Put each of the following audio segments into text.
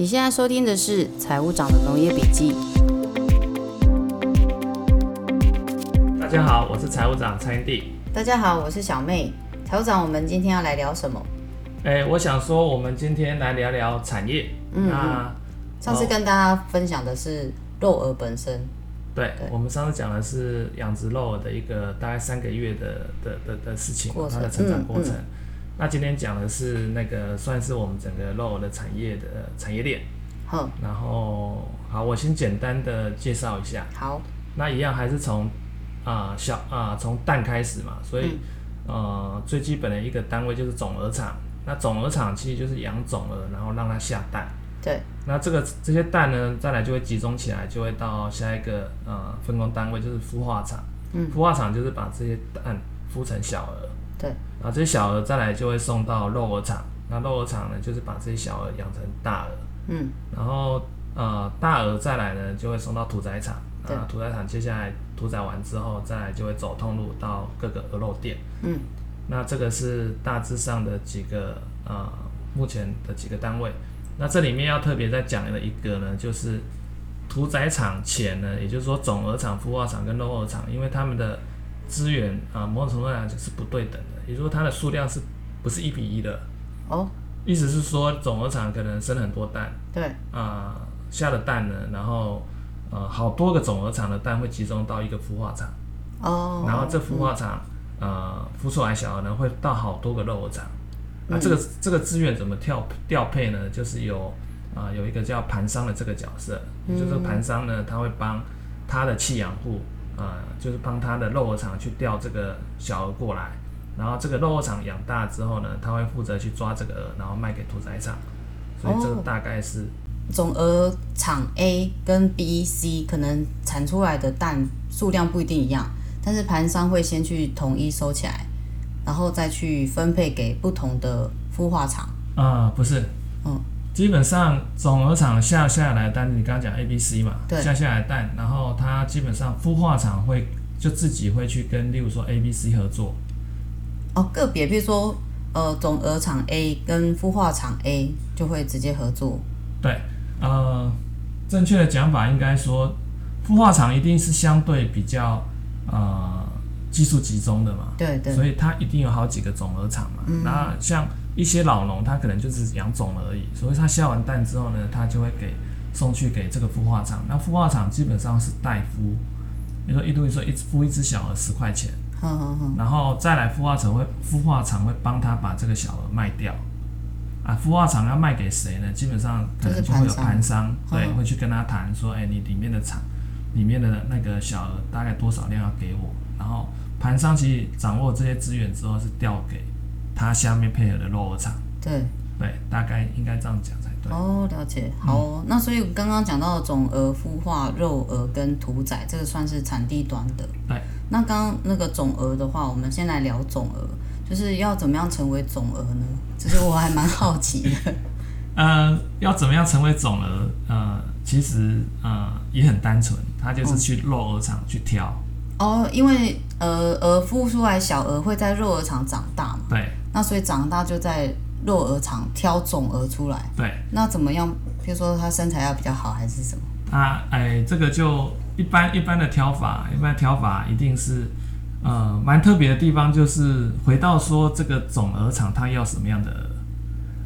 你現在收聽的是財務長的農業筆記。大家好，我是財務長蔡英弟。大家好，我是小妹。財務長，我們今天要來聊什麼？欸、我想說，我們今天來聊聊產業。嗯，嗯，那，上次跟大家分享的是肉鵝本身。對，對我們上次講的是養殖肉鵝的一個大概三個月的的的的，的事情，它的成長過程。嗯嗯嗯那今天講的是那個算是我們整個肉鵝的產業的產業鏈，好，然後好，我先簡單的介紹一下，好，那一樣還是從啊、呃、小啊、呃、從蛋開始嘛，所以呃最基本的一個單位就是種鵝場，那種鵝場其實就是養種鵝，然後讓它下蛋，對，那這個這些蛋呢，再來就會集中起來，就會到下一個呃分工單位就是孵化場，嗯，孵化場就是把這些蛋孵成小鵝。對，啊，這些小鵝再來就會送到肉鵝場，那肉鵝場呢，就是把這些小鵝養成大鵝。嗯，然後呃大鵝再來呢，就會送到屠宰場。啊，屠宰場接下來屠宰完之後，再來就會走通路到各個鵝肉店。嗯，那這個是大致上的幾個呃目前的幾個單位。那這裡面要特別再講的一個呢，就是屠宰場前呢，也就是說種鵝場、孵化場跟肉鵝場，因為他們的資源啊、呃，某種程度上是不對等的。比如說，它的數量是，不是一比一的？哦、oh,，意思是說，種鵝場可能生了很多蛋，對，啊、呃，下的蛋呢，然後，呃，好多個種鵝場的蛋會集中到一個孵化場，哦、oh,，然後這孵化場、嗯，呃，孵出來小鵝呢會到好多個肉鵝場，那、啊嗯、這個這個資源怎麼調調配呢？就是有，啊、呃，有一個叫盤商的這個角色，嗯、就是盤商呢，他會幫他的契養戶，啊、呃，就是幫他的肉鵝場去調這個小鵝過來。然後這個肉，肉場養大之後呢，他會負責去抓這個鵝，然後賣給屠宰場，所以這個大概是、哦、種鵝場 A 跟 B、C 可能產出來的蛋數量不一定一樣，但是盤商會先去統一收起來，然後再去分配給不同的孵化場。啊、嗯，不是，嗯，基本上種鵝場下下來蛋，你剛剛講 A、B、C 嘛，下下來蛋，然後它基本上孵化場會就自己會去跟，例如說 A、B、C 合作。哦，個別，比如說，呃，種鵝場 A 跟孵化場 A 就會直接合作。對，呃，正確的講法應該說，孵化場一定是相對比較呃技術集中的嘛。對對。所以它一定有好幾個種鵝場嘛、嗯。那像一些老農，他可能就是養種而已，所以他下完蛋之後呢，他就會給送去給這個孵化場。那孵化場基本上是代孵，比如說一度說一隻孵一隻小鵝十塊錢。然後再來，孵化廠會孵化廠會幫他把這個小鵝賣掉，啊，孵化廠要賣給誰呢？基本上可能就會有盤商，對，會去跟他談說，哎，你裡面的廠裡面的那個小鵝大概多少量要給我？然後盤商其實掌握這些資源之後是調給他下面配合的肉鵝廠，對對，大概應該這樣講才對，嗯。哦，了解，好，哦，那所以剛剛講到的種鵝、孵化、肉鵝跟屠宰，這個算是產地端的，對那剛剛那個種鵝的話，我們先來聊種鵝，就是要怎麼樣成為種鵝呢？其、就、實、是、我還蠻好奇的。 呃，要怎麼樣成為種鵝？呃，其實呃也很單純，他就是去肉鵝場去挑。嗯、哦，因為呃，鵝孵出來小鵝會在肉鵝場長大嘛。對。那所以長大就在肉鵝場挑種鵝出來。對。那怎麼樣？譬如說他身材要比較好還是什麼？那、啊、哎，這個就。一般一般的挑法，一般挑法一定是，呃，蠻特別的地方就是回到說這個種鵝場，他要什麼樣的？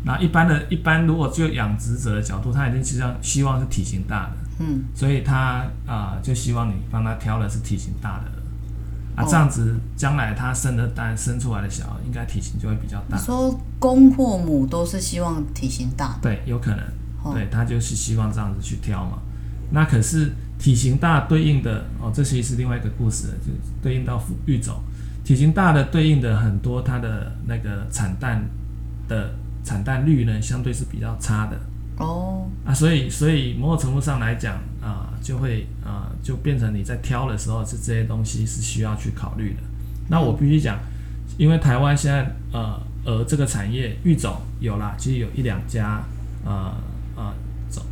那一般的一般，如果就養殖者的角度，他一定希望是體型大的，嗯，所以他啊、呃、就希望你幫他挑的是體型大的，嗯、啊，這樣子將來他生的蛋生出來的小應該體型就會比較大。你說公或母都是希望體型大，對，有可能、嗯，對，他就是希望這樣子去挑嘛。那可是。體型大對應的哦，這其實是另外一個故事了，就對應到育種，體型大的對應的很多它的那個產蛋的產蛋率呢，相對是比較差的哦、oh. 啊，所以所以某種程度上來講啊、呃，就會啊、呃、就變成你在挑的時候是這些東西是需要去考慮的。那我必須講，因為台灣現在呃，而這個產業育種有啦，其實有一兩家呃。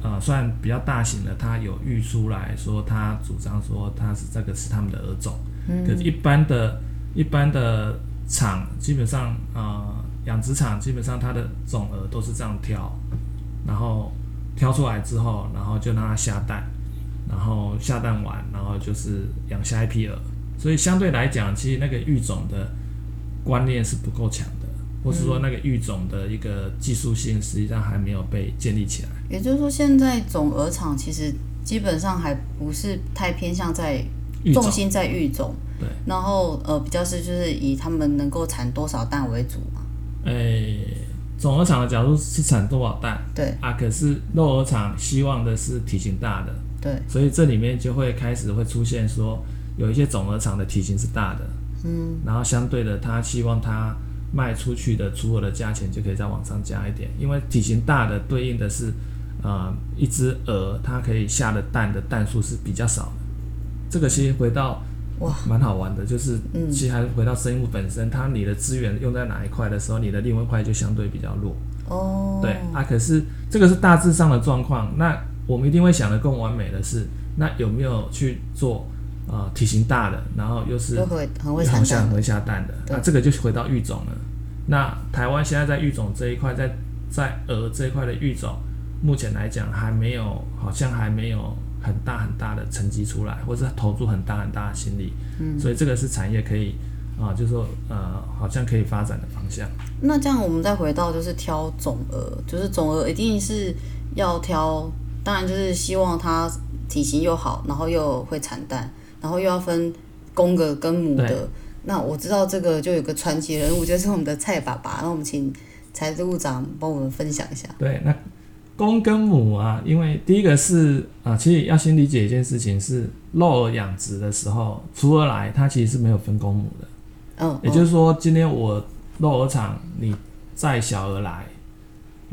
呃、嗯，算比較大型的，他有育出來說，他主張說他是這個是他們的鵝種、嗯，可是一般的、一般的廠，基本上啊，養、呃、養殖場基本上它的種鵝都是這樣挑，然後挑出來之後，然後就讓它下蛋，然後下蛋完，然後就是養下一批鵝，所以相對來講，其實那個育種的觀念是不夠強。或是說那個育種的一個技術性，實際上還沒有被建立起來、嗯。也就是說，現在種鵝場其實基本上還不是太偏向在重心在育種，育種對。然後呃，比較是就是以他們能夠產多少蛋為主嘛。哎、欸，種鵝場的角度是產多少蛋，對啊。可是肉鵝場希望的是體型大的，對。所以這裡面就會開始會出現說，有一些種鵝場的體型是大的，嗯。然後相對的，他希望他。賣出去的雛鵝的價錢就可以再往上加一點，因為體型大的對應的是，呃，一隻鵝它可以下的蛋的蛋數是比較少的。這個其實回到哇，蠻、啊、好玩的，就是其實還是回到生物本身，嗯、它你的資源用在哪一塊的時候，你的另外一塊就相對比較弱。哦，對啊，可是這個是大致上的狀況。那我們一定會想得更完美的是，那有沒有去做？啊、呃，體型大的，然後又是很會產蛋，好像很會下蛋的。那、啊、這個就是回到育種了。那台灣現在在育種這一塊，在在鵝這一塊的育種，目前來講還沒有，好像還沒有很大很大的成績出來，或者投入很大很大的心力。嗯，所以這個是產業可以啊、呃，就是說呃，好像可以發展的方向。那這樣我們再回到就是挑種鵝，就是種鵝一定是要挑，當然就是希望它體型又好，然後又會產蛋。然後又要分公的跟母的，那我知道這個就有個傳奇人物，就是我們的蔡爸爸。那我們請財務部長幫我們分享一下。對，那公跟母啊，因為第一個是啊，其實要先理解一件事情是肉鵝養殖的時候，雛鵝來它其實是沒有分公母的。嗯。也就是說，今天我肉鵝場你再小鵝來，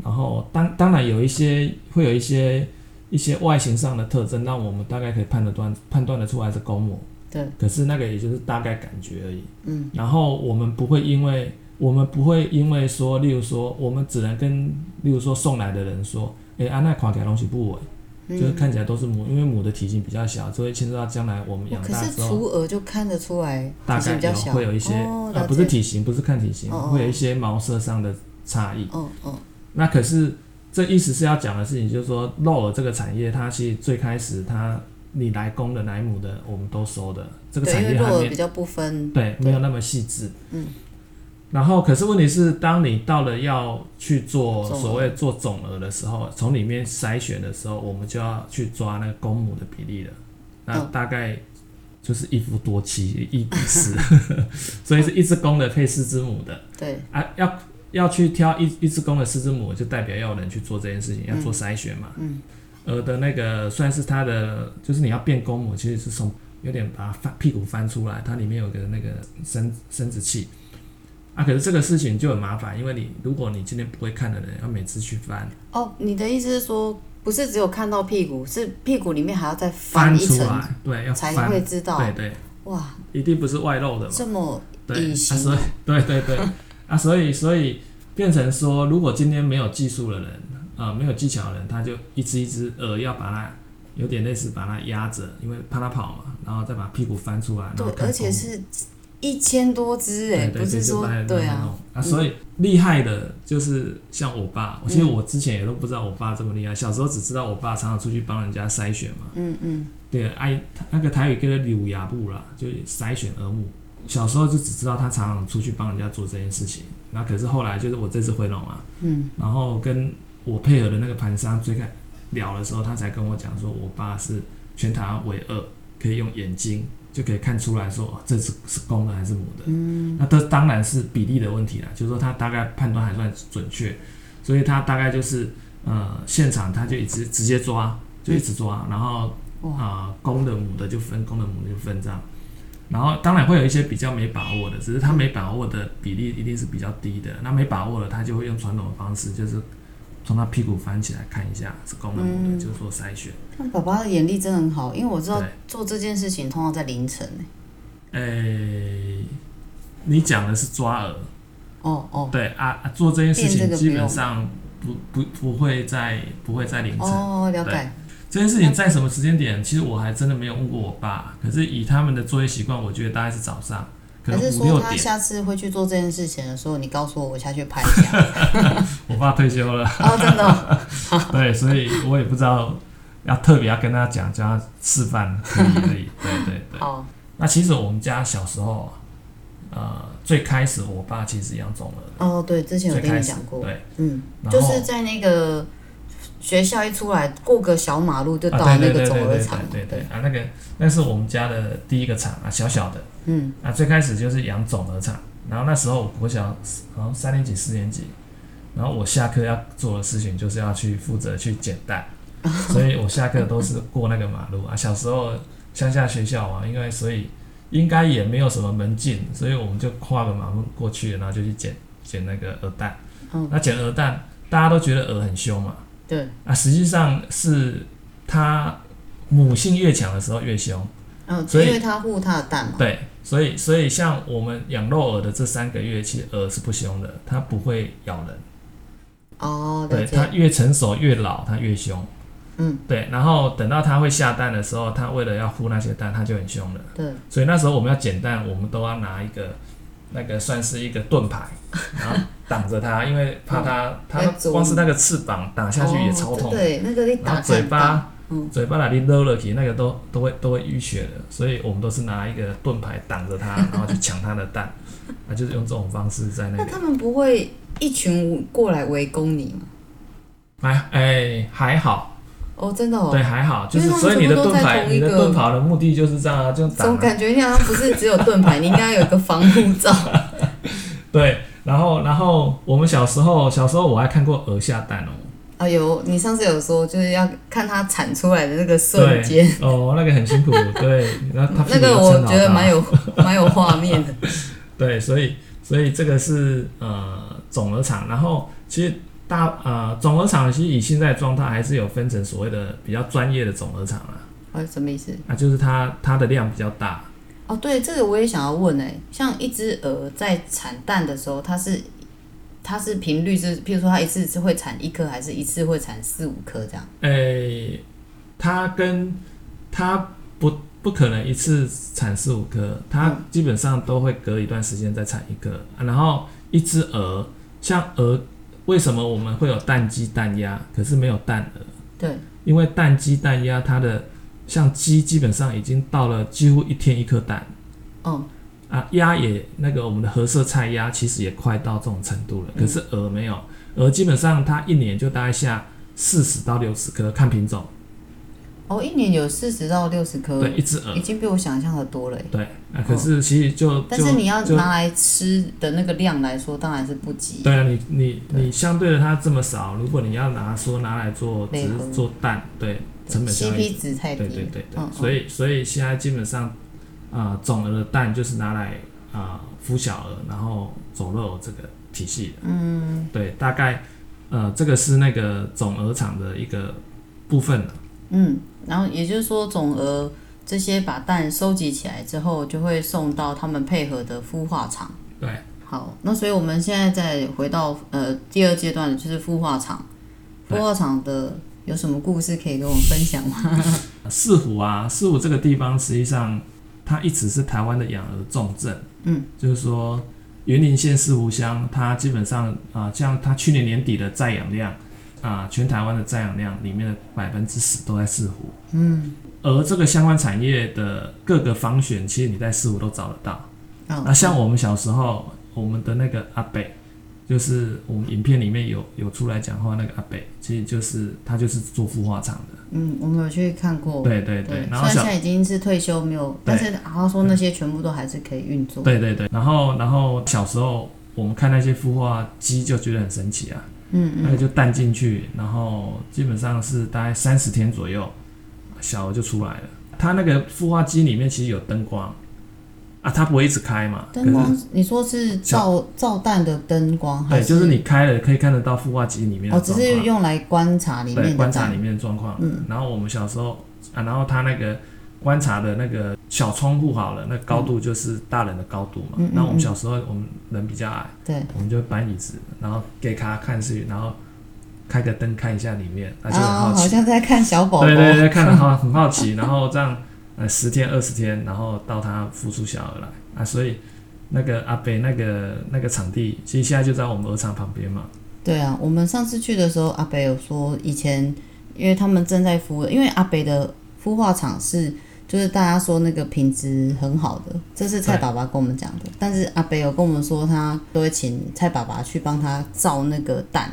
然後當當然有一些會有一些。一些外形上的特徵，讓我們大概可以判斷、判斷得出來是公母。對。可是那個也就是大概感覺而已。嗯。然後我們不會因為，我們不會因為說，例如說，我們只能跟，例如說送來的人說，哎，阿奈垮掉東西不穩、嗯，就是看起來都是母，因為母的體型比較小，所以牽涉到將來我們養大之後。哦、可是雛鵝就看得出來。大概比較小。會有一些、哦呃，不是體型，不是看體型，哦哦會有一些毛色上的差異。哦哦那可是。這意思是要講的事情，就是說，肉鵝這個產業，它其實最開始，它你來公的、來母的，我們都收的。這個產業裡面比較不分，對，對沒有那麼細緻。嗯。然後，可是問題是，當你到了要去做所謂做種鵝的時候，從裡面篩選的時候，我們就要去抓那個公母的比例了。那大概就是一夫多妻、嗯，一比四， 所以是一隻公的配四隻母的。嗯、對啊，要。要去挑一一隻公的四隻母，就代表要有人去做這件事情，嗯、要做篩選嘛。嗯，呃的那個算是它的，就是你要變公母，其實是從有點把它翻屁股翻出來，它裡面有個那個生生殖器。啊，可是這個事情就很麻煩，因為你如果你今天不會看的人，要每次去翻。哦，你的意思是說，不是只有看到屁股，是屁股裡面還要再翻，翻出來，對要翻，才會知道。對，對對。哇。一定不是外露的嘛。這麼隱形。對，啊、對對對。 啊，所以所以變成說，如果今天沒有技術的人，啊、呃，沒有技巧的人，他就一隻一隻鵝，要把它有點類似把它壓着，因為怕它跑嘛，然後再把屁股翻出來，然後而且是一千多隻對、欸、不是說對，對，對，就對啊，啊，所以厲、嗯、害的就是像我爸，其實我之前也都不知道我爸這麼厲害、嗯，小時候只知道我爸常常出去幫人家篩選嘛，嗯嗯，對，哎、啊，那個台語叫柳芽布啦，就是篩選鵝母。小時候就只知道他常常出去幫人家做這件事情，那可是後來就是我這次回籠啊，嗯，然後跟我配合的那個盤商最開聊的時候，他才跟我講說，我爸是全台灣唯二可以用眼睛就可以看出來說，哦，這是是公的還是母的，嗯，那這當然是比例的問題了，就是說他大概判斷還算準確，所以他大概就是呃現場他就一直直接抓，就一直抓，嗯，然後啊，呃哦，公的母的就分，公的母的就分這樣。然後當然會有一些比較沒把握的，只是他沒把握的比例一定是比較低的。那沒把握了，他就會用傳統的方式，就是從他屁股翻起來看一下，是公的母的，嗯，就是做篩選。那爸爸的眼力真的很好，因為我知道做這件事情通常在凌晨，欸。哎，你講的是抓耳。哦哦。對啊，做這件事情基本上不不不，不會在不會在凌晨。哦，了解。這件事情在什麼時間點？其實我還真的沒有問過我爸，可是以他們的作業習慣，我覺得大概是早上，可能5、6點。還是說他下次會去做這件事情的時候，你告訴我，我下去拍一下。 我爸退休了。哦，真的哦。 對，所以我也不知道要特別要跟他講，叫他示範可以可以？ 對，對對對。哦。那其實我們家小時候，呃，最開始我爸其實養種了。哦，對，之前有跟你講過。對。嗯，就是在那個。學校一出來，過個小馬路就到那個種鵝場、啊對對對對對對對，對對啊，那個那個、是我們家的第一個場啊，小小的。嗯啊，最開始就是養種鵝場，然後那時候我小，好像三年級四年級，然後我下課要做的事情就是要去負責去撿蛋，所以我下課都是過那個馬路 啊。小時候鄉下學校啊，因為所以應該也沒有什麼門禁，所以我們就跨個馬路過去，然後就去撿撿那個鵝蛋。嗯，那撿鵝蛋，大家都覺得鵝很凶嘛。對啊，實際上是它母性越強的時候越凶，嗯、哦，所以因為它護它的蛋嘛。對，所以所以像我們養肉鵝的這三個月，其實鵝是不凶的，它不會咬人。哦，對，它越成熟越老，它越凶。嗯，對，然後等到它會下蛋的時候，它為了要護那些蛋，它就很凶了。對，所以那時候我們要撿蛋，我們都要拿一個那個算是一個盾牌，然後， 擋着他，因為怕他，嗯，他光是那個翅膀打下去也超痛。對、哦，那個你打嘴巴，嗯、嘴巴那裡揉了起，那個都都會都會淤血的。所以我們都是拿一個盾牌擋着他，然後去搶他的蛋。那、 啊、就是用這種方式在那裡。那他們不會一群過來圍攻你嗎？哎，哎，還好。哦，真的哦。對，還好，就是都在同一個，所以你的盾牌，你的盾牌的目的就是這樣，啊，就總、啊、感覺你好像不是只有盾牌， 你應該有一個防護罩 。 對。然後，然後我們小時候，小時候我還看過鵝下蛋哦。啊、哎、有，你上次有說就是要看它產出來的那個瞬間。哦，那個很辛苦， 對。那它那個我覺得蠻有 蠻有畫面的。對，所以所以這個是呃種鵝場，然後其實大呃種鵝場其實以現在狀態還是有分成所謂的比較專業的種鵝場啊。啊、哦、什麼意思？啊就是它它的量比較大。哦，對，這個我也想要問哎，像一隻鵝在產蛋的時候，它是它是頻率是，譬如說它一次是會產一顆，還是一次會產四五顆這樣？誒、欸，它跟它不不可能一次產四五顆，它基本上都會隔一段時間再產一顆。然後一隻鵝，像鵝，為什麼我們會有蛋雞、蛋鴨，可是沒有蛋鵝？對，因為蛋雞、蛋鴨它的。像雞基本上已經到了幾乎一天一顆蛋，嗯、啊，嗯，啊，鴨也那個我們的褐色菜鴨其實也快到這種程度了，嗯、可是鵝沒有，鵝基本上它一年就大概下四十到六十顆，看品種。哦，一年有四十到六十顆，對，一隻鵝已經比我想象的多了。對，啊，可是其實就、哦、就但是你要拿來吃的那個量來說，當然是不及。對啊，你你你相對的它這麼少，如果你要拿說拿來做只是做蛋，對。成本效益值 CP 值太低。對對對,對嗯嗯所以所以現在基本上，呃，種鵝的蛋就是拿來啊、呃、孵小鵝，然後走肉這個體系。嗯。對，大概呃，這個是那個種鵝場的一個部分嗯，然後也就是說，種鵝這些把蛋收集起來之後，就會送到他們配合的孵化廠。對。好，那所以我們現在再回到呃第二階段，就是孵化廠，孵化廠的。有什麼故事可以跟我們分享嗎？四 湖啊，四湖這個地方，實際上它一直是台灣的養鵝重鎮。嗯，就是說，雲林縣四湖鄉，它基本上啊、呃，像它去年年底的在養量啊、呃，全台灣的在養量裡面的百分之十都在四湖。嗯，而這個相關產業的各個方選，其實你在四湖都找得到。那，嗯啊、像我們小時候，我們的那個阿北。就是我們影片裡面有有出來講話那個阿北，其實就是他就是做孵化場的。嗯，我沒有去看過。對對對，對然後雖然現在已經是退休沒有，但是好像說那些全部都還是可以運作。對對對，然後然後小時候我們看那些孵化機就覺得很神奇啊，嗯，那個就蛋進去，然後基本上是大概三十天左右，小鵝就出來了。他那個孵化機裡面其實有燈光。啊、它不會一直開嘛？燈光，你說是照照蛋的燈光，對，就是你開了可以看得到孵化機裡面。哦，只是用來觀察裡面的。對，觀察裡面的狀況、嗯。嗯。然後我們小時候啊，然後它那個觀察的那個小窗戶好了，那高度就是大人的高度嘛。嗯那我們小時候我們人比較矮，對、嗯嗯，我們就搬椅子，然後給它看視頻，然後開個燈看一下裡面，它就很好奇、啊，好像在看小寶寶。對對對，對， 看的好很好奇，然後這樣。 呃，十天二十天，然後到它孵出小鵝來啊！所以，那個阿北那個那個場地，其實現在就在我們鵝場旁邊嘛。對啊，我們上次去的時候，阿北有說以前，因為他們正在孵，因為阿北的孵化場是，就是大家說那個品質很好的，這是蔡爸爸跟我們講的。但是阿北有跟我們說，他都會請蔡爸爸去幫他造那個蛋。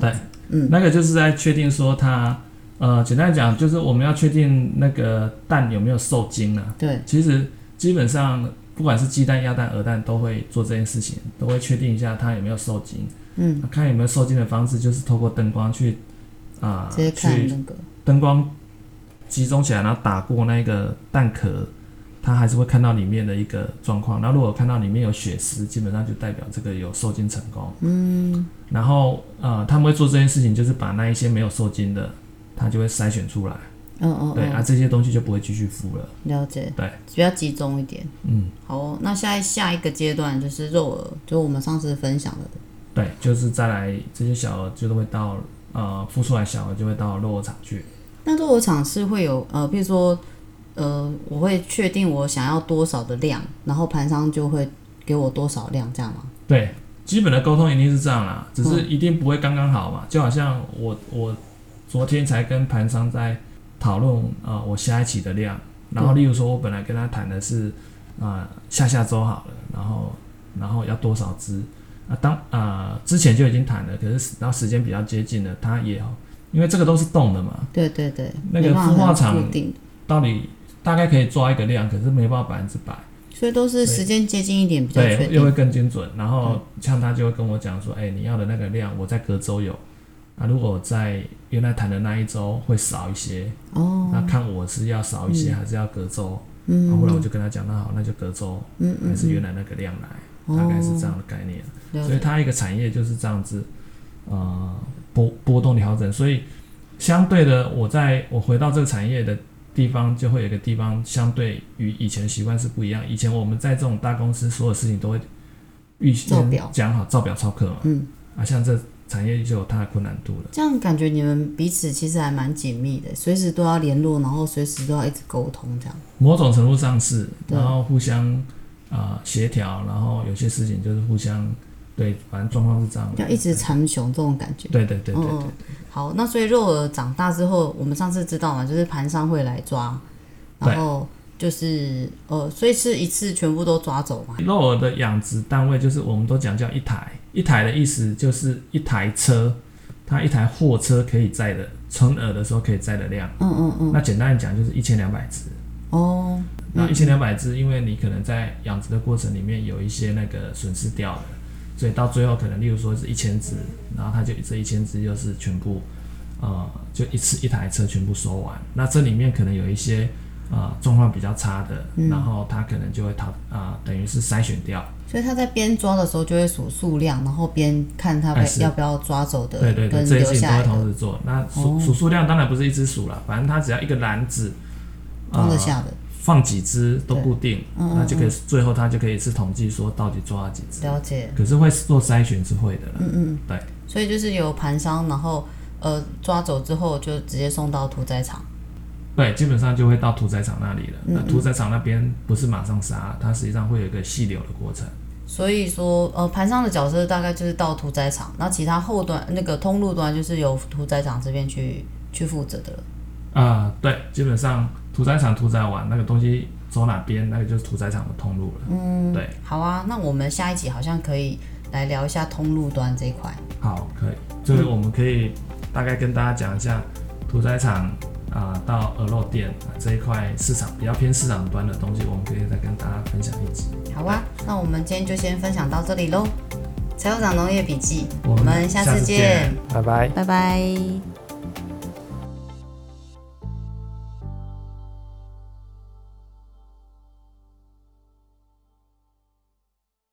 對，嗯，那個就是在確定說他。呃，簡單講就是我們要確定那個蛋有沒有受精了、啊。對。其實基本上不管是雞蛋、鴨蛋、鵝蛋都會做這件事情，都會確定一下它有沒有受精。嗯。看有沒有受精的方式就是透過燈光去啊、呃直接看那個，去燈光集中起來，然後打過那個蛋殼，它還是會看到裡面的一個狀況。那如果看到裡面有血絲，基本上就代表這個有受精成功。嗯。然後啊、呃，他們會做這件事情就是把那一些沒有受精的。它就會篩選出來，嗯嗯，對嗯啊，這些東西就不會繼續孵了。了解，對，比較集中一點。嗯，好哦。那下下一個階段就是肉鵝，就我們上次分享的、的。對，就是再來這些小鵝，就是會到呃孵出來小鵝就會到肉鵝場去。那肉鵝場是會有呃，譬如說呃，我會確定我想要多少的量，然後盤商就會給我多少量，這樣嗎？對，基本的溝通一定是這樣啦，只是一定不會剛剛好嘛、嗯，就好像我我。昨天才跟盤商在討論，啊、呃，我下一期的量。然後，例如說，我本來跟他談的是，啊、呃，下下周好了，然後，然後要多少隻？啊，當啊、呃，之前就已經談了，可是然後時間比較接近了，他也因為這個都是動的嘛。對對對。那個孵化場到底大概可以抓一個量，可是沒辦法百分之百。所以都是時間接近一點比較確定。對，又會更精準。然後像他就會跟我講說，嗯、哎，你要的那個量，我在隔周有。啊，如果我在原來談的那一周會少一些，哦，那看我是要少一些，還是要隔周？嗯，然後，後來我就跟他講，嗯，那好，那就隔周，嗯，還是原來那個量來，嗯，大概是這樣的概念。哦，對對。所以他一個產業就是這樣子，呃，波、波動調整。所以相對的，我在我回到這個產業的地方，就會有一個地方相對於以前習慣是不一樣。以前我們在這種大公司，所有事情都會預、造表、嗯、講好，照表操課嘛。嗯，啊，像這。產業就有它的困難度了。這樣感覺你們彼此其實還蠻緊密的，隨時都要聯絡，然後隨時都要一直溝通這樣。某種程度上是，然後互相啊協調，然後有些事情就是互相對，反正狀況是這樣。要一直纏熊這種感覺。對對對對對、哦。好，那所以肉鵝長大之後，我們上次知道嘛，就是盤商會來抓，然後就是呃，所以是一次全部都抓走嘛。肉鵝的養殖單位就是我們都講叫一台。一台的意思就是一台車，它一台貨車可以載的，成鵝的時候可以載的量。嗯嗯嗯。那簡單講就是一千兩百只。哦。那一千兩百只，1, 因為你可能在養殖的過程裡面有一些那個損失掉了，所以到最後可能例如說是一千只，然後它就這一千只又是全部，呃，就一次一台車全部收完。那這裡面可能有一些。啊、呃，狀況比較差的，嗯，然後他可能就會逃。啊、呃，等於是篩選掉。所以他在邊抓的時候就會數數量，然後邊看他會要不要抓走的。哎、對對對，跟這些都會同時做。那數、哦、數量當然不是一隻數了，反正他只要一個籃子裝得、呃、下的，放幾隻都固定，嗯嗯嗯，那就可以最後他就可以是統計說到底抓了幾隻。了解。可是會做篩選是會的，嗯嗯，對。所以就是有盤商，然後呃抓走之後就直接送到屠宰場。對，基本上就會到屠宰場那裡了。那、嗯嗯、屠宰場那邊不是馬上殺，它實際上會有一個細流的過程。所以說，呃，盤商的角色大概就是到屠宰場，那其他後端那個通路端就是由屠宰場這邊去去負責的了。啊、呃，對，基本上屠宰場屠宰完那個東西走哪邊，那個就是屠宰場的通路了。嗯，對。好啊，那我們下一集好像可以來聊一下通路端這一塊。好，可以。就是我們可以大概跟大家講一下、嗯、屠宰場。啊，到鵝肉店、啊、這一塊市場比較偏市場端的東西，我們可以再跟大家分享一些。好啊，那我們今天就先分享到這裡嘍。財務長農業筆記，我們下次見，拜拜，拜拜。Bye bye